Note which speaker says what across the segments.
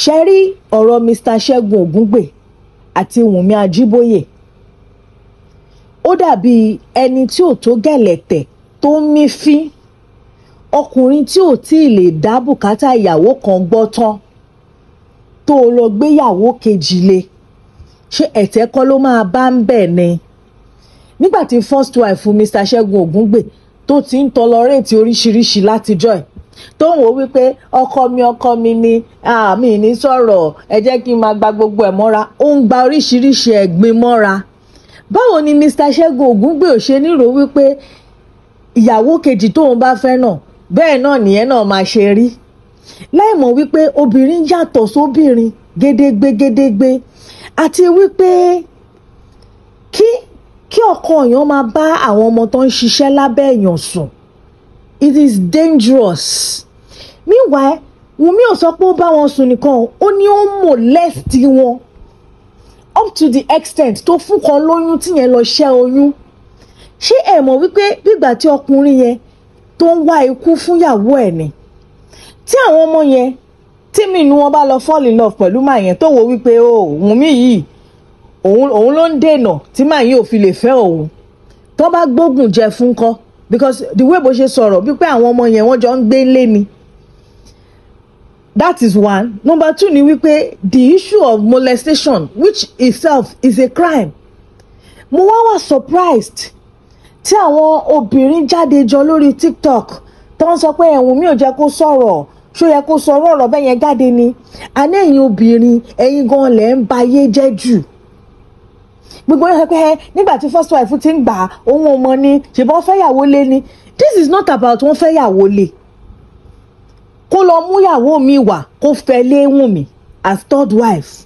Speaker 1: ṣe rí ọ̀rọ̀ Mr. Ṣẹ́gun Ògúngbè àti Wùnmí Ajíbóyè ó dàbí ẹni tí ò tó gẹ̀lẹ̀tẹ̀ tó ń mífín ọkùnrin tí ò tí ì lè dá bùkátà ìyàwó kan gbọ́ tán tó o lọ gbéyàwó kejì le ṣé ẹ̀tẹ́ kọ́ ló máa bá ń bẹ̀ ni nígbà tí first wife Mr. Ṣẹ́gun Ògúngbè tó ti ń tọlọrẹ́ẹ̀tì oríṣiríṣi látijọ́ ẹ̀ tó ń wò wípé ọkọ mi ọkọ mi ni àmì ní sọ̀rọ̀ ẹ jẹ́ kí n máa gba gbogbo ẹ̀ mọ́ra ó ń gba oríṣiríṣi ẹ̀gbin mọ́ra báwo ni Mr. Ṣẹ́gun Ògúngbè ò ṣe nírò wípé ìyàwó kejì tóun bá fẹ́ náà bẹ́ẹ̀ náà nìyẹn náà máa ṣe rí láìmọ̀ wípé obìnrin yàtọ̀ sóbìnrin gédégbé gédégbé àti wípé kí kí ọkọ èèyàn máa bá àwọn ọmọ tó ń ṣiṣẹ́ lábẹ́ èèyàn sùn it is dangerous meanwhile Wùmí ò sọ pé ó bá wọn sùn nìkan ó ní ó molest wọn up to the extent tó fún kan lóyún tíyẹn lọ ṣẹ́ oyún ṣé ẹ mọ̀ wípé gbígbà tí ọkùnrin yẹn tó ń wá ikú fúnyàwó ẹ̀ ni tí àwọn ọmọ yẹn tèmi ni wọ́n bá lọ fall in love pẹ̀lú màá yẹn tó wo wípé o oh, Wùmí yìí òun ló ń dènà tí màá yìí ò fi lè fẹ́ òun tó bá gbógun jẹ fún kọ́ because the way bó ṣe sọ̀rọ̀ wípé àwọn ọmọ yẹn wọ́n jọ ń gbé lé ni that is one number two ni wípé the issue of molestation which itself is a crime mo wá wà surprised tí àwọn obìnrin jáde jọ lórí tiktok tó ń sọ pé ẹ̀wùn mi ò jẹ́ kó sọ̀rọ̀ ṣó yẹ kó sọ̀rọ̀ ọ̀rọ̀ bẹ́ẹ̀ yẹn jáde ni àná ẹ̀yin obìnrin ẹ̀yin gan-an lẹ̀ ń bayé jẹ́ jù gbogbo yóò sọ pé nígbà tí first wife ti ń gbà òun ọmọ ni ṣùgbọ́n fẹ́yàwó lé ni this is not about wọ́n fẹ́yàwó lé kó lọ mú yàwó mi wá kó fẹ́ lé wùn mí as third wife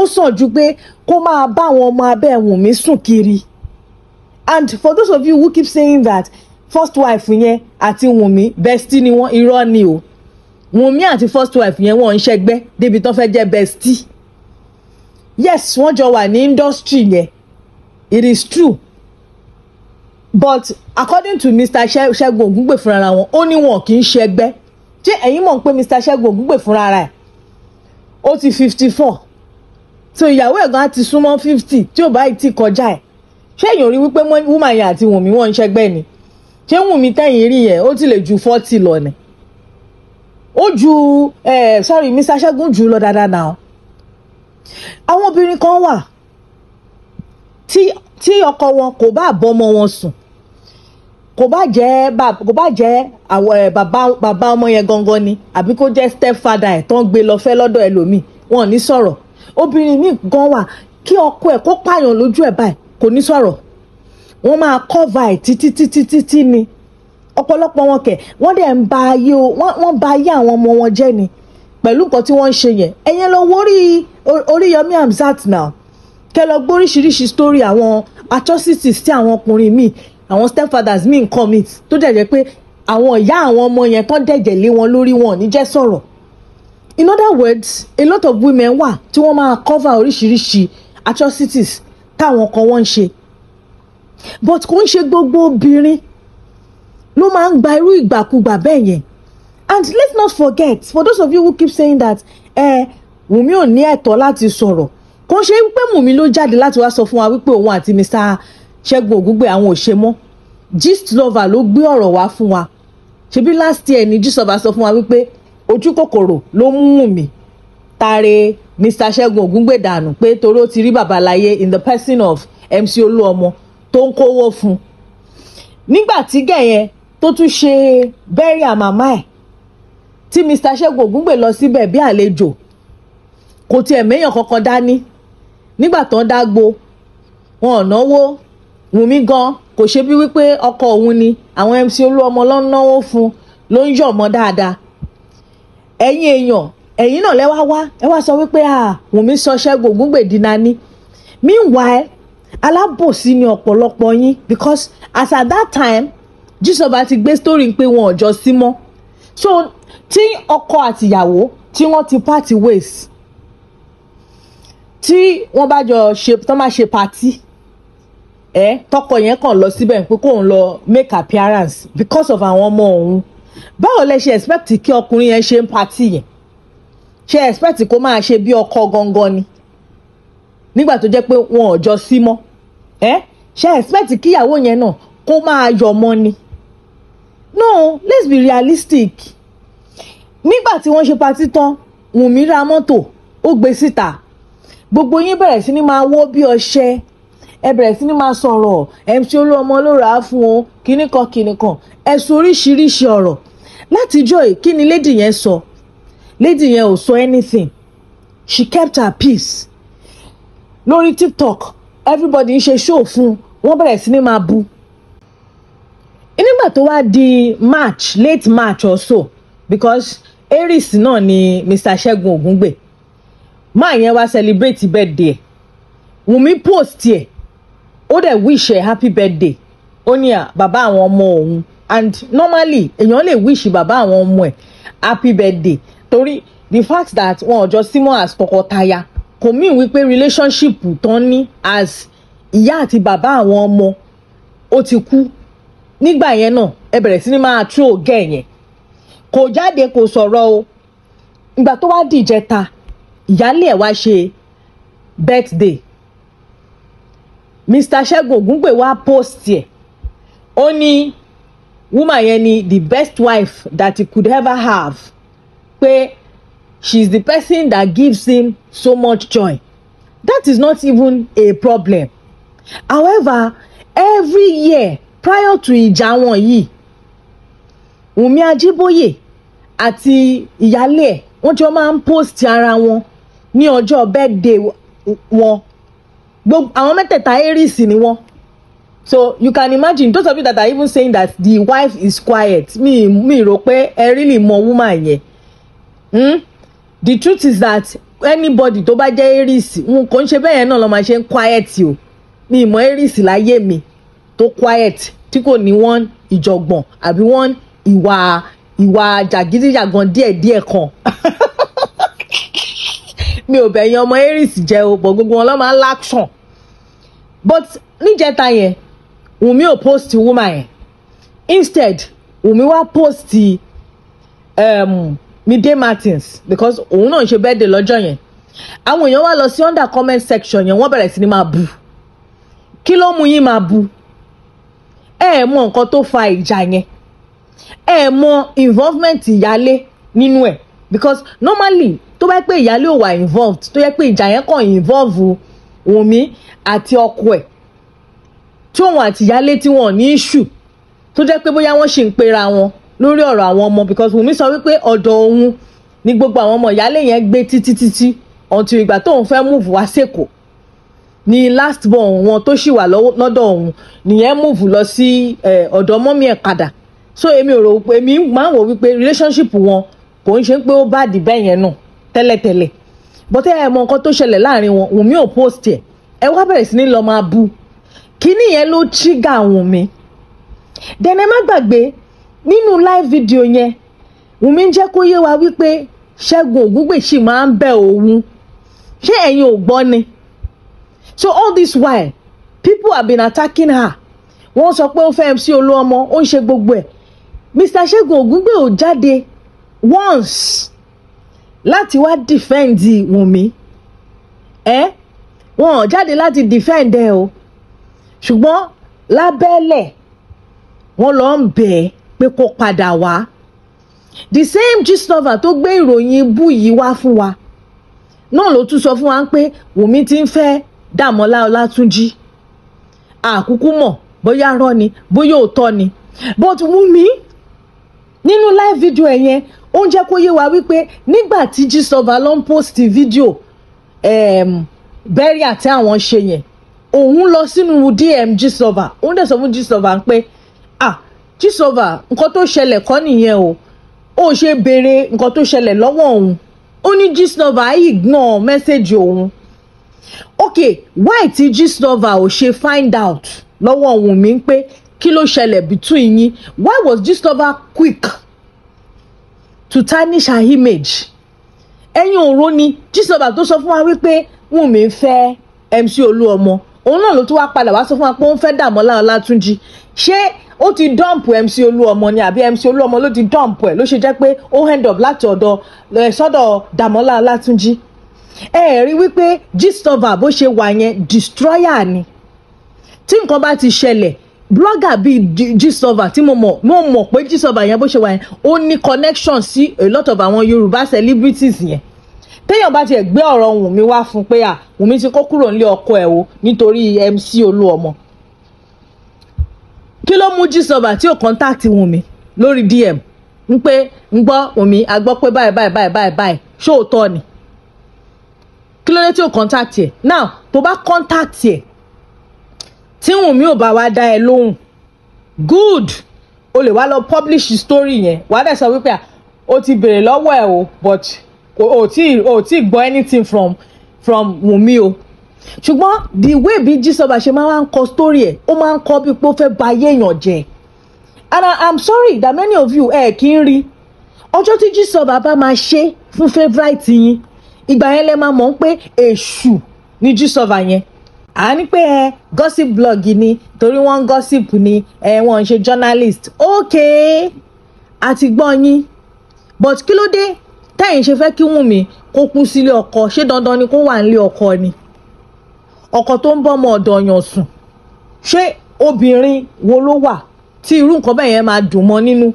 Speaker 1: ó sàn ju pé kó máa bá àwọn ọmọ abẹ́ wùn mí sùn kiri and for those of you who keep saying that first wife yẹn àti wùnmí bestie ni wọ́n irọ́ ni o wùnmí àti first wife yẹn wọ́n ń ṣẹgbẹ́ débi tán fẹ́ jẹ́ bestie yes wọ́n jọ wà ní industry yẹn it is true but according to Mr. Ṣẹ́gun Ògúngbè fúnra wọn ó ní wọn kì í ṣẹgbẹ́ ṣé ẹ̀yin mọ̀ pé Mr. Ṣẹ́gun Ògúngbè fúnra rẹ̀ ó ti fifty four so ìyàwó ẹ̀gbọ́n á ti súnmọ́ fifty tí ò bá ti kọjá ẹ̀ ṣé èèyàn rí wípé woman yẹn àti Wùnmí wọ́n ń ṣẹgbẹ́ ni ṣé Wùnmí tẹ̀yìn rí yẹn ó ti lè ju forty lọ ni ó ju eh, sorry Mr. Ṣẹ́gun jù lọ dáadáa náà àwọn obìnrin kan wà tí tí ọkọ wọn kò bá bọ́mọ wọn sùn kò bá jẹ́ kò bá jẹ́ bàbá bàbá ọmọ yẹn gangan ni àbí kó jẹ́ stepfather ẹ̀ tán gbé lọ fẹ́ lọ́dọ̀ ẹlòmíì wọn ò ní sọ̀rọ̀ obìnrin míì gan wà kí ọkọ ẹ̀ kó pààyàn lójú ẹ̀ báyìí kò ní sọ̀rọ̀ wọ́n máa cover ẹ̀ títí títí títí ni ọ̀pọ̀lọpọ̀ wọn kẹ̀ wọ́n dẹ̀ ń ba ayé wọ́n ba ayé àwọn ọmọ wọn jẹ́ ni pẹ̀lú nǹkan tí wọ́n ń ṣe yẹn ẹ̀yẹn lọ wórí oríyọmí hamzat now kẹ lọ gbọ́ oríṣiríṣi story àwọn atrocities tí àwọn ọkùnrin míì àwọn stepfathers míì commit tó dẹ̀ jẹ́ pé àwọn ìyá àwọn ọmọ yẹn tán dẹ̀jẹ̀ lé wọn lórí wọn ní sọ̀rọ̀ in other words a lot of women wà tí wọ́n máa cover oríṣiríṣi atrocities táwọn kan wọ́n ń ṣe but kò ń ṣe gbogbo obìnrin ló máa ń gba irú ìgbàkúgbà bẹ́ẹ̀ yẹn and let's not forget for those of you who keep saying that eh, wùmí ò ní ẹ̀tọ́ láti sọ̀rọ̀ kò ṣe ń pé wùmí ló jáde láti wá sọ fún wa wípé òun àti Mr. Ṣẹ́gun Ògúngbè àwọn ò ṣe mọ́ gist lover ló gbé ọ̀rọ̀ wá fún wa ṣebí last year ni gist lover sọ fún wa wípé ojú kòkòrò ló mú wùmí tare Mr. Ṣẹ́gun Ògúngbè dànù pé torí ó ti rí babaláyé in the person of MC Olúọmọ tó ń kówó fún nígbà tí gẹ̀yẹn tó tún ṣe bẹ́rí àmàmá ẹ̀ tí Mr. Ṣẹ́gun Ògúngbè lọ síbẹ̀ bí àlejò kò tiẹ̀ méèyàn kankan dání nígbà tó ń dágbo wọn ò náwó wùmí gan kò ṣe bí wípé ọkọ òun ni àwọn MC Olúọmọ ló ń náwó fún ló ń yọ̀ mọ́ dáadáa ẹ̀yin èèyàn ẹ̀yin náà lẹ́wà wá ẹ wá sọ wípé ah, wùmí sọ Ṣẹ́gun Ògúngbèdì nání meanwhile alábòsí ni ọ̀pọ̀lọpọ̀ yín because as at that time jísọba ti gbé story pé wọn ò jọ sí mọ́ so tí ọkọ àtìyàwó tí wọ́n ti party waste tí wọ́n bá jọ ṣe tán máa ṣe patí ẹ tọkọ yẹn kàn lọ síbẹ̀ pé kóun lọ make appearance because of àwọn ọmọ òun báwo lẹ ṣe expect kí ọkùnrin yẹn ṣe ń patí yẹn ṣe expect kó máa ṣe bí ọkọ gangan ni nígbà tó jẹ́ pé wọn ò jọ sí mọ́ ẹ ṣe expect kíyàwó yẹn náà kó máa yọ ọmọ ni no let's be realistic nígbà tí wọ́n ṣe patí tán Wùnmí ra mọ́tò ó gbé síta gbogbo yín bẹ̀rẹ̀ sí ni máa wọ́ bí ọṣẹ ẹ bẹ̀rẹ̀ sí ni máa sọ̀rọ̀ mc olúọmọ ló rà á fún o kíní kan kíní kan ẹ sọ oríṣiríṣi ọ̀rọ̀ látijọ́ yìí kí ni lady yẹn sọ lady yẹn ò sọ anything she kept her peace lórí tiktok everybody ń ṣe show fún wọn bẹ̀rẹ̀ sí ni máa bu nígbà tó wá di march late march or so because aries náà ni mr ṣẹ́gun ògúngbè máa yẹn wá celebrate birthday ẹ̀ wùmí post ẹ̀ ó dẹ̀ wish ẹ̀ happy birthday ó ní à bàbá àwọn ọmọ òun and normally èèyàn lè wish Baba àwọn ọmọ ẹ̀ happy birthday torí the fact that wọn ò jọ sí mọ́ as tọkọtaya kò mean wípé relationship tán ní as ìyá àti Baba àwọn ọmọ ó ti kú nígbà yẹn náà ẹ bẹ̀rẹ̀ sí ni máa tú ògẹ́ yẹn kò jáde kò sọ̀rọ̀ o ìgbà tó wá dìjẹta ìyáálé ẹ̀ wá ṣe birthday Mr. Ṣẹ́gun Ògúngbè wa post ẹ̀ ó ní woman yẹn ni the best wife that he could ever have pé she is the person that gives him so much joy that is not even a problem however every year prior to ìjà wọn yìí Wùnmí Ajíbóyè àti ìyáálé ẹ̀ wọ́n jọ máa ń post ara wọn ní ọjọ́ birthday wọn gbogbo àwọn mẹ́tẹ̀ẹ̀ta aries ni wọ́n so you can imagine those of you that are even saying that the wife is quiet mi mi rò pé ẹ really mọ woman yẹn hmm? the truth is that anybody tó bá jẹ́ aries n kò ń ṣe bẹ́ẹ̀ yẹn náà ló máa ṣe ń quiet o mi mọ aries láyé mi tó quiet tí kò ní wọ́n ìjọ̀gbọ̀n àbí wọ́n ìwà ìwà jàgídíjàgan díẹ̀díẹ̀ kan mi ò bẹ̀yìn ọmọ aries jẹ́ o bọ̀ gbogbo wọn lọ́ máa ń láction but níjẹta yẹn wùmí ò post woman yẹn instead wùmí wá post um, midday martins because òun náà ń ṣe birthday lọ́jọ́ yẹn àwọn èèyàn wá lọ sí under comment section yẹn wọ́n bẹ̀rẹ̀ sí ni máa bù kí ló mú yín máa bù ẹ ẹ mọ nǹkan tó fa ìjà yẹn ẹ ẹ mọ involvement ìyálé nínú ẹ̀. E because normally tó bá yẹ pé ìyáálé ò wà involved tó yẹ pé ìjà yẹn kàn involve Wùnmí àti ọkọ ẹ̀ tí òun àti ìyáálé tí wọn ní issue tó jẹ́ pé bóyá wọ́n ṣì ń pera wọn lórí ọ̀rọ̀ àwọn ọmọ because Wùnmí sọ wípé ọ̀dọ̀ òun ni gbogbo àwọn ọmọ ìyáálé yẹn gbé títí títí until ìgbà tóun fẹ́ move wá sẹ́kọ̀ọ́ ni last born wọn tó ṣì wà lọ́dọ̀ òun nìyẹn move lọ sí eh, ọ̀dọ̀ mọ́mí ẹ̀ padà so èmi ò rò pé èmi máa ń wò wípé relationship wọn kò ń ṣe pé ó bá dì bẹ́ẹ̀ yẹn nù tẹ́lẹ̀tẹ́lẹ̀ bọ́tẹ́ ẹ̀ mọ nǹkan tó ṣẹlẹ̀ láàrin wọn Wùnmí ò post ẹ̀ ẹ wá bẹ̀rẹ̀ sí ní lọ máa bu kíní yẹn ló trigger Wùnmí dẹ̀nẹ́ má gbàgbé nínú live video yẹn Wùnmí jẹ́ kó yé wa wípé Ṣẹ́gun Ògúngbèsì máa ń bẹ̀ òun ṣé ẹ̀yin ò gbọ́ ni so all this while people have been attacking her wọ́n sọ pé ó fẹ́ MC Olúọmọ ó ń ṣe gbogbo ẹ̀ Mr Ṣẹ́gun Ògúngbè ò jáde once láti wá defend Wùnmí ẹ wọn ò jáde láti defend ẹ o ṣùgbọ́n lábẹ́lẹ̀ wọ́n lọ ń bẹ̀ ẹ́ pé kó padà wá the same gist lover tó gbé ìròyìn bú yìí wá fún wa náà ló tún sọ fún wa pé Wùnmí ti ń fẹ́ Dàmọ́lá Ọlátúnjí àkúkú mọ̀ bóyá rọ́ ni bóyá òótọ́ ni but Wùnmí nínú live video ẹ̀ yẹn ó ń jẹ́ kó yé wa wípé nígbà tí Gistlover ló ń post fídíò bẹ́rí àti àwọn ṣe yẹn òun lọ sínú DM Gistlover òun dẹ̀ sọ fún Gistlover pé ah Gistlover nǹkan tó ṣẹlẹ̀ kọ́ nìyẹn o ó ṣe béèrè nǹkan tó ṣẹlẹ̀ lọ́wọ́ òun ó ní Gistlover á ignore mẹ́sẹ̀gì òun ok why ti Gistlover ò ṣe find out lọ́wọ́ òun mi pé kí ló ṣẹlẹ̀ between yín why was Gistlover quick to tarnish her image ẹ̀yin òró ni Jesus ọba tó sọ fún wa wípé Wùnmí fẹ́ MC Olúọmọ òun náà ló tún wá padà wá sọ fún wa pé òun fẹ́ Dàmọ́lá Ọlátúnjí ṣé ó ti dọ́ǹpù MC Olúọmọ ni àbí MC Olúọmọ ló ti dọ́ǹpù ẹ̀ ló ṣe jẹ́ pé ó end up láti ọ̀dọ̀ sọ́dọ̀ Dàmọ́lá Ọlátúnjí ẹ ẹ̀ rí wípé gistova bó ṣe wà yẹn destroyer ni tí nǹkan bá ti ṣẹlẹ̀ blogger bíi Gistlover tí mo mọ̀ mo mọ̀ pé Gistlover yẹn bó ṣe wà yẹn ó ní connection sí a lot of àwọn Yorùbá celebrities yẹn téèyàn bá tiẹ̀ gbé ọ̀rọ̀ Wùnmí wá fún pé à Wùnmí ti kó kúrò nílé ọkọ ẹ̀ o nítorí MC Olúọmọ kí ló mú Gistlover tí ò contact Wùnmí lórí DM ń pé ń gbọ́ Wùnmí a gbọ́ pé báyìí báyìí báyìí báyìí báyìí ṣóòótọ́ ni kí ló dé tí ò contact ẹ̀ now tó bá contact ẹ̀ tí Wùnmí ò bá wá dá ẹ lóhùn good o lè wá lọ publish story yẹn wàá dẹ̀ sọ wípé à o ti béèrè lọ́wọ́ ẹ̀ o but o ti o ti gbọ́ anything from from Wùnmí o ṣùgbọ́n the way bí Jísọ́ba ṣe máa ń kọ story ẹ̀ ó máa ń kọ bí pé ó fẹ́ ba ayé èèyàn jẹ́ and I am sorry that many of you eh kì í rí ọjọ́ tí Jísọ́ba bá máa ṣe fún favourite yín ìgbà yẹn lẹ máa mọ̀ pé èṣù ni Jísọ́ba yẹn a ní pé ẹ gossip blog ni torí wọ́n ń gossip ni ẹ wọ́n ń ṣe journalist ok àti gbọ́ but kí ló dé tẹ́yìn ṣe fẹ́ kí Wùnmí kó kú sílé ọkọ ṣé dandan ni kó wà nílé ọkọ ni ọkọ tó ń bọ́ ọmọ ọ̀dọ̀ yàn sùn ṣé obìnrin wo ló wà tí irú nǹkan bẹ́ẹ̀ yẹn máa dùn mọ́ nínú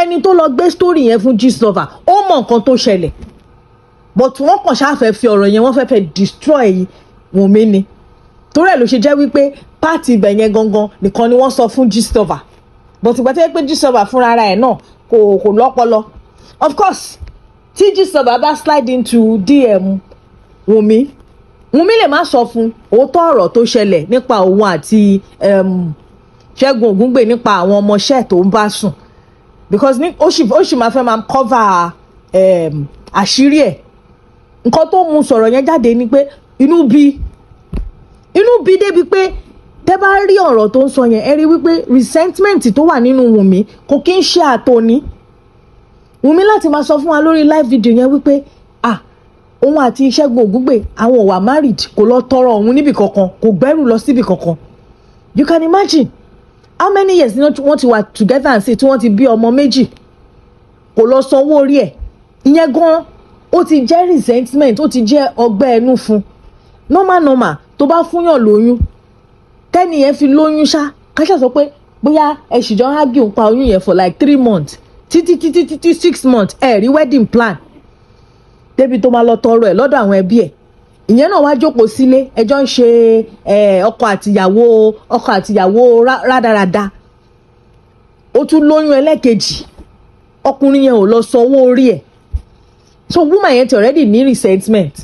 Speaker 1: ẹni tó lọ gbé sítórì yẹn fún Gistlover ó mọ nǹkan tó ṣẹlẹ̀ but wọ́n kàn ṣáà fẹ́ fi ọ̀rọ̀ yẹn wọ́n fẹ́ fẹ́ destroy Wùnmí ni torí ẹ̀ ló ṣe jẹ́ wípé páàtì ibẹ̀ yẹn gangan nìkan ni wọ́n sọ fún Gistlover but ìgbà tó yẹ pé Gistlover fúnra ara ẹ̀ náà kò kò lọ́pọlọ of course tí Gistlover bá slide into DM Wunmi Wunmi lè má sọ fún òótọ́ ọ̀rọ̀ tó ṣẹlẹ̀ nípa òun àti Ṣẹ́gun Ògúngbè nípa àwọn ọmọọṣẹ́ tó ń bá sùn because ní ó sì ó sì máa fẹ́ máa cover àṣírí ẹ̀ nǹkan tó mú sọ̀rọ̀ yẹn jáde ni pé inú bí inú bí débi pé tẹ́ bá rí ọ̀rọ̀ tó ń sọ yẹn ẹ rí wípé resentment tó wà nínú Wùnmí kò kí ń ṣe àtòní Wùnmí láti máa sọ fún wa lórí live video yẹn wípé ah òun àti Ṣẹ́gun Ògúngbè àwọn ò wà married kò lọ tọrọ òun níbì kankan kò gbẹ́rù lọ síbì kankan you can imagine how many years ni wọ́n ti wà together and say tí wọ́n ti bí ọmọ méjì kò lọ sanwó orí ẹ̀ ìyẹn gan-an ó ti jẹ́ resentment ó ti jẹ́ ọgbẹ́ ẹnu fún normal normal tó bá fúnyàn lóyún tẹ́nì yẹn fi lóyún ṣá káṣà sọ pé bóyá ẹ sì jọ hági òun pa oyún yẹn for like three months títí títí títí six months ẹ rí wedding plan débi tó máa lọ tọrọ ẹ lọ́dọ̀ àwọn ẹbí ẹ̀ ìyẹn náà wáá jókòó sílé ẹjọ́ ń ṣe ọkọ àtìyàwó ọkọ àtìyàwó rádaràda ó tún lóyún ẹlẹ́ẹ̀kejì ọkùnrin yẹn ò lọ sanwó orí ẹ̀ so woman yẹn ti already ní resentment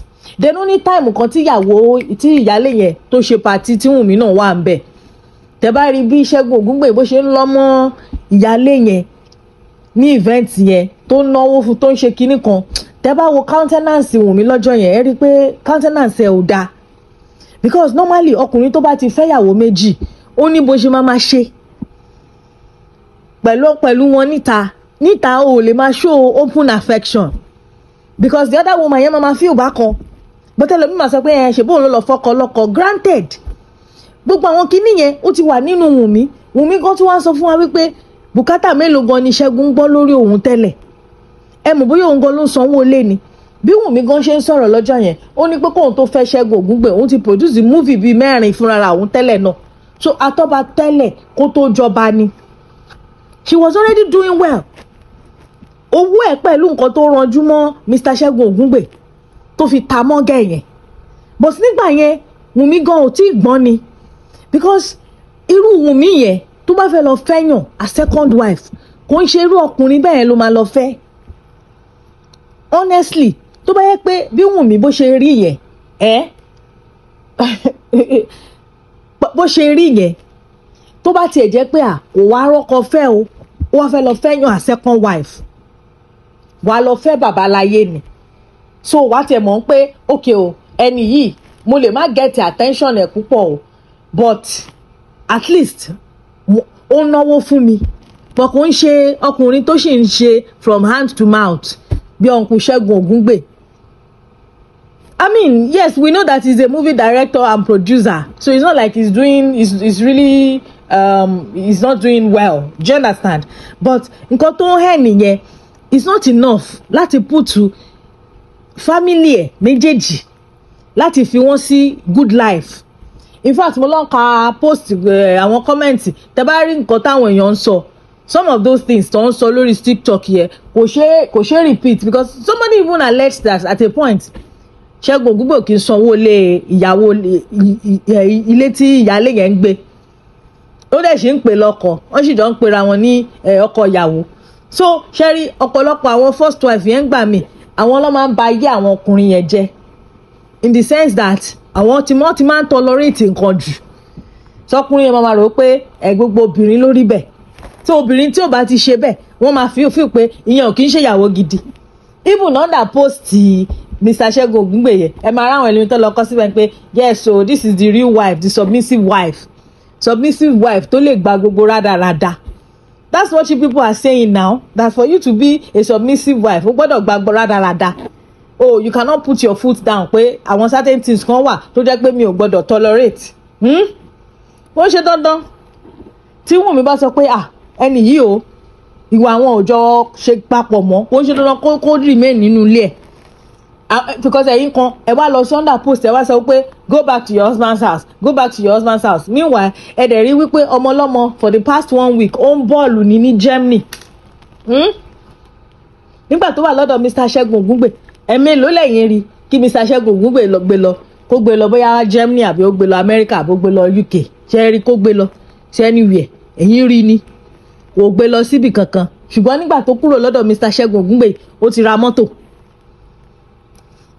Speaker 1: dẹnu ní táìmù kan tíyàwó tí ìyálé yẹn tó ṣe pàtí tí wùnmí náà wà ń bẹ̀ tẹ́ bá rí bí Ṣẹ́gun Ògúngbè bó ṣe ń lọ mọ́ ìyálé yẹn ní ìvẹ́ǹtì yẹn tó ń náwó fún tó ń ṣe kinní kan tẹ́ bá wo countenance wùnmí lọ́jọ́ yẹn ẹ rí i pé countenance ẹ̀ ò dáa because normally ọkùnrin tó bá ti fẹ́yàwó méjì ó ní bó ṣe máa ma ṣe pẹ̀lú pẹ̀lú wọn níta níta o ò lè máa show open affection because the other woman yẹn máa ma feel bákan bọ́tẹ́lẹ̀ mi máa sọ pé ẹ eh, ṣèbóun ló lọ fọkọ lọ́kọ granted gbogbo àwọn kinní yẹn ó ti wà nínú wùnmí wùnmí kan tún wá sọ fún wa wípé bùkátà mélòó gan ni ṣẹ́gun ń gbọ́ lórí òun tẹ́lẹ̀ ẹ mọ̀ bóyá òun gan ló ń sanwó lé ni bí wùnmí gan ṣe ń sọ̀rọ̀ lọ́jọ́ yẹn ó ní pé kóun tó fẹ́ ṣẹ́gun ògúngbẹ̀ òun ti produce movie bíi mẹ́rin fúnra òun tẹ́lẹ̀ náà so atọ́ba tẹ́lẹ̀ kó tó jọba ni she was already doing well owó ẹ̀ pẹ̀lú nǹkan tó ranjú mọ́ Mr. ṣẹ́gun ògúngbẹ̀ tó fi ta mọ́gẹ̀ yẹn but nígbà yẹn wùmí gan ò tí ì gbọ́n ni because irú wùmí yẹn tó bá fẹ́ lọ fẹ́yàn a second wife kò ń ṣe irú ọkùnrin bẹ́ẹ̀ ló máa lọ fẹ́ honestly tó bá yẹ pé bí wùmí bó ṣe rí yẹn ẹ bó ṣe rí yẹn tó bá tiẹ̀ jẹ́ pé kò wá rọ́kọ fẹ́ o ó wá fẹ́ lọ fẹ́yàn a second wife wàá lọ fẹ́ babaláyé ni so wàá tiẹ̀ mọ̀ pé okay o ẹni yìí mo lè má get attention ẹ̀ púpọ̀ o but at least ó ń náwó fún mi but kò ń ṣe ọkùnrin tó sì ń ṣe from hand to mouth bí ọ̀nkù Ṣẹ́gun Ògúngbè I mean, yes, we know that he's a movie director and producer, so it's not like he's doing, he's, he's really, um, he's not doing well. Do you understand? But nǹkan tó ń hẹ́ nìyẹn, it's not enough láti put to family ẹ̀ méjèèjì láti fi wọ́n sí good life in fact mo lọ́n ka post eh, àwọn comment. tẹ bá rí nǹkan táwọn èèyàn ń sọ some of those things tó ń sọ lórí tiktok yẹ kò ṣe kò ṣe repeat because somebody even alleged that at a point ṣẹ́gun ògúngbò kì í sanwó lé ìyàwó ilé tí ìyáálé yẹn ń gbé ó dẹ̀ ṣe ń pè lọ́kọ wọ́n sì jọ ń pera wọn ní eh, ọkọ ìyàwó so ṣẹ́rí ọ̀pọ̀lọpọ̀ àwọn first wife yẹn ń gbà mí àwọn ló máa ń ba ayé àwọn ọkùnrin yẹn jẹ́ in the sense that àwọn tí wọ́n ti máa ń tolerate nǹkan jù sọkùnrin yẹn máa rò pé ẹ gbogbo obìnrin ló rí bẹ́ẹ̀ tí obìnrin tí ò bá ti ṣe bẹ́ẹ̀ wọ́n máa fi òfin pé ìyẹn ò kì í ṣèyàwó gidi even under post Mr. Segun Ogungbeye ẹ máa ráwọn ẹlẹ́ni tó lọ kọ́ síbẹ̀ pé yes so, oh, this is the real wife the submissive wife submissive wife tó lè gba gbogbo rádaràda. Rada that's what you people are saying now that for you to be a submissive wife o gbọ́dọ̀ gbàgbọ́ rádaràda oh you cannot put your foot down pé àwọn certain things kan wà to jẹ́ pé mi ò gbọ́dọ̀ tolerate hmm? ó ṣe dandan tí Wùnmí bá sọ pé ah ẹni yìí o ìwà àwọn òòjọ́ ṣe papọ̀ mọ́ ó ṣe dandan kó remain nínú ilé ẹ̀ Ah, eh, because ẹ̀yin kan ẹ wá lọ sunday post ẹ wá sọ pé go back to your husband's house go back to your husband's house meanwhile ẹ dẹ̀ rí wípé ọmọ ọlọ́mọ for the past one week ó ń bọ́ọ̀lù ní ní Germany hmm? nígbà tó wà lọ́dọ̀ Mr. Ṣẹ́gun Ògúngbè ẹ̀mí ló lẹ́yìn rí kí Mr. Ṣẹ́gun Ògúngbè gbé lọ kó gbé lọ bóyá Germany àbí ó gbé lọ America àbí ó gbé lọ UK ṣe rí kó gbé lọ sí anywhere ẹ̀yìn rí ni kò gbé lọ síbi kankan ṣùgbọ́n nígbà tó kúrò lọ́dọ̀ Mr. Ṣẹ́gun Ògúngbè ó ti ra mọ́tò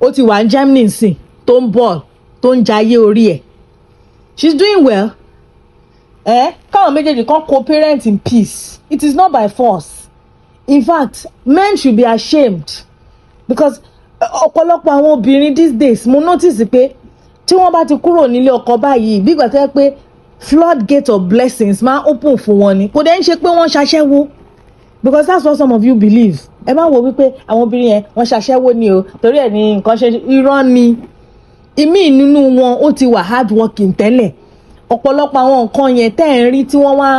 Speaker 1: ó ti wà ní Germany sìn tó ń bọ̀ tó ń jayé orí ẹ̀ she's doing well ẹ káwọn méjèèjì kan co-parent in peace it is not by force in fact men should be ashamed because ọ̀pọ̀lọpọ̀ àwọn obìnrin these days mo notice pé tí wọ́n bá ti kúrò nílé ọkọ báyìí bí ìgbà tó yẹ pé of blessings máa open fún wọn ni kò dẹ́ ń ṣe pé wọ́n ṣaṣẹ́wó because that's what some of you believe ẹ má wo wípé àwọn obìnrin yẹn wọ́n ṣàṣẹ́wó ni o torí ẹ̀ ní nǹkan ṣe irọ́ ni ìmí nínú wọn ó ti wà hard working tẹ́lẹ̀ ọ̀pọ̀lọpọ̀ àwọn nǹkan yẹn tẹ́ ẹ̀ ń rí tí wọ́n wá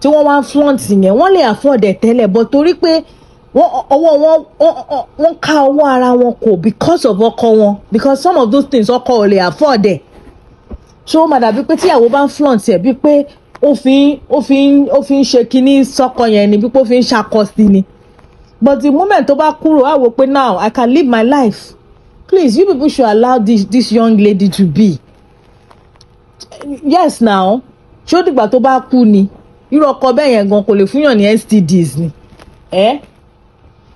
Speaker 1: tí wọ́n wá front yẹn wọ́n lè afford ẹ̀ tẹ́lẹ̀ but torí pé ọwọ́ wọn wọ́n ká ọwọ́ ara wọn kò because of ọkọ wọn because some of those things ọkọ ò lè afford ẹ̀ so madam, mà dàbí pé tíyàwó bá ń flaunt ẹ̀ bíi pé ó fi ó fi ó fi ń ṣe kinní sọkọ yẹn ni bí fi ń ṣakọ ni but the moment tó bá kúrò á wò pé now I can live my life please you people should allow this this young lady to be yes now ṣó dìgbà tó bá kú ni irú ọkọ bẹ́ẹ̀ yẹn gan kò lè fúnyàn ní STDs ni eh?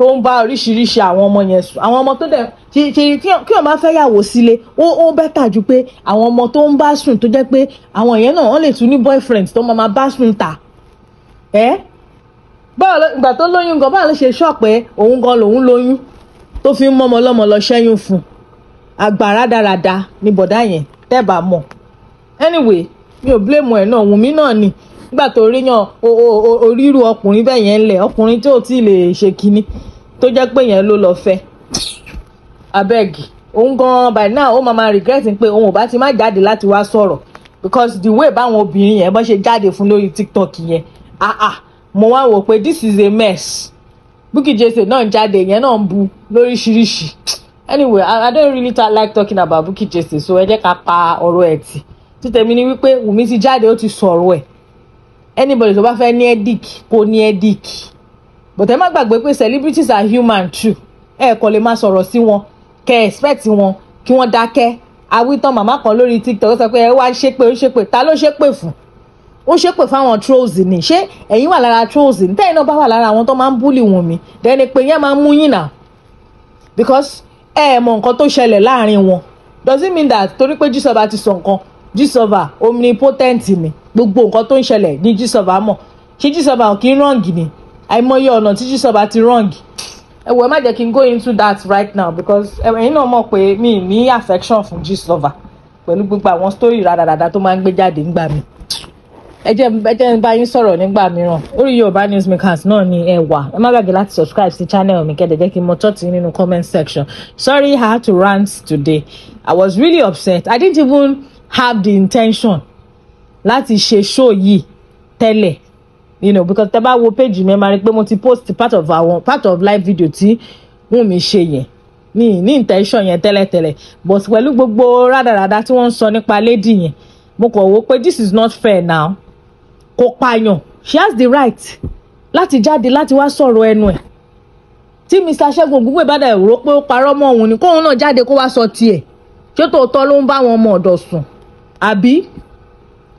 Speaker 1: tó ń bá oríṣiríṣi àwọn ọmọ yẹn sùn àwọn ọmọ tó dẹ̀ tí tí kí wọn bá fẹ́ yàwó sílé ó ó bẹ́tà ju pé àwọn ọmọ tó ń bá sùn tó jẹ́ pé àwọn yẹn náà wọ́n lè tún ní boyfriend tó máa bá sùn tà ẹ́ báwo ló ìgbà tó lóyún gan báwo ló ṣe sọ pé òun gan lòun lóyún tó fi ń mọ́mọ lọ́mọ lọ ṣẹ́yún fún agbára dáradára ni bọ̀dá yẹn tẹ́ bá mọ̀ anyway mi ò blame ẹ̀ náà wùmí náà ni nígbà tó ríyàn oríru ọkùnrin bẹ́ẹ̀ yẹn lẹ̀ ọkùnrin tí ò tí ì lè ṣe kinní tó jẹ́ pé yẹn ló lọ fẹ́ abeg òun gan by now ó máa ma regret pé òun ò bá ti má jáde láti wá sọ̀rọ̀ because the way báwọn obìnrin yẹn bọ́n ṣe jáde fún lórí tiktok yẹn ah ah mo wá wò pé this is a mess Bukky Jesse náà jáde yẹn náà ń bu lóríṣiríṣi anyway I, don't really like talking about Bukky Jesse so ẹ jẹ́ ká pa ọ̀rọ̀ ẹ̀ tì títẹ̀mí ni wípé Wùmí ti jáde ó ti sọ̀rọ̀ ẹ̀ anybody tó bá fẹ́ ní headache kó ní headache but ẹ má gbàgbé pé celebrities are human too ẹ kò lè má sọ̀rọ̀ sí wọn kẹ́ ẹ expect wọn kí wọ́n dákẹ́ awítán màmá kan lórí tiktok ó sọ pé ẹ wá ṣépè ó ṣépè ta ló ṣépè fún ó ṣépè fáwọn trolls ni ṣé ẹ̀yin wà lára trolls ni tẹ́yìn náà bá wà lára àwọn tó máa ń búlì wọn mi dẹ́ni pé yẹn máa ń mú yín nà because ẹ ẹ mọ nǹkan tó ṣẹlẹ̀ láàrin wọn it mean that torí pé jísọba ti sọ nǹkan jísọba omnipotent ni gbogbo nǹkan tó ń ṣẹlẹ̀ ní jísọba mọ̀ ṣé jísọba kì í rọ̀ǹgì ni àìmọye ọ̀nà tí jísọba ti rọ̀ǹgì ẹ wò ẹ má jẹ́ kí n go into that right now because ẹ̀yin náà mọ̀ pé mi ní affection fún jísọba pẹ̀lú gbogbo àwọn story rádaràda tó máa ń gbé jáde ńgbà mi ẹ jẹ́ ẹ jẹ́ bá yín sọ̀rọ̀ nígbà mìíràn orí Yorùbá Newsmakers náà ni ẹ wà ẹ má gbàgbé láti subscribe sí channel mi kẹ́dẹ̀ jẹ́ kí n mọ tọ́tì nínú comment section sorry I had to rant today I was really upset I didn't even have the intention láti ṣe show yìí tẹ́lẹ̀ you know because tẹ́ bá wo page mi ẹ máa rí pé mo ti post part of our part of live video tí wọ́n mi ṣe yẹn ní ní intention yẹn tẹ́lẹ̀tẹ́lẹ̀ but pẹ̀lú gbogbo rádaràda tí wọ́n ń sọ nípa lady yẹn mo kàn wò pé this is not fair now kò pààyàn she has the right láti jáde láti wá sọ̀rọ̀ ẹnu ẹ̀ tí Mr. Ṣẹ́gun Ògúnwùsì bá dẹ̀ rò pé ó parọ́ mọ́ òun ni kóun náà jáde kó wá sọ tiẹ̀ ṣé tòótọ́ ló ń bá wọn ọmọ ọ̀dọ̀ sùn àbí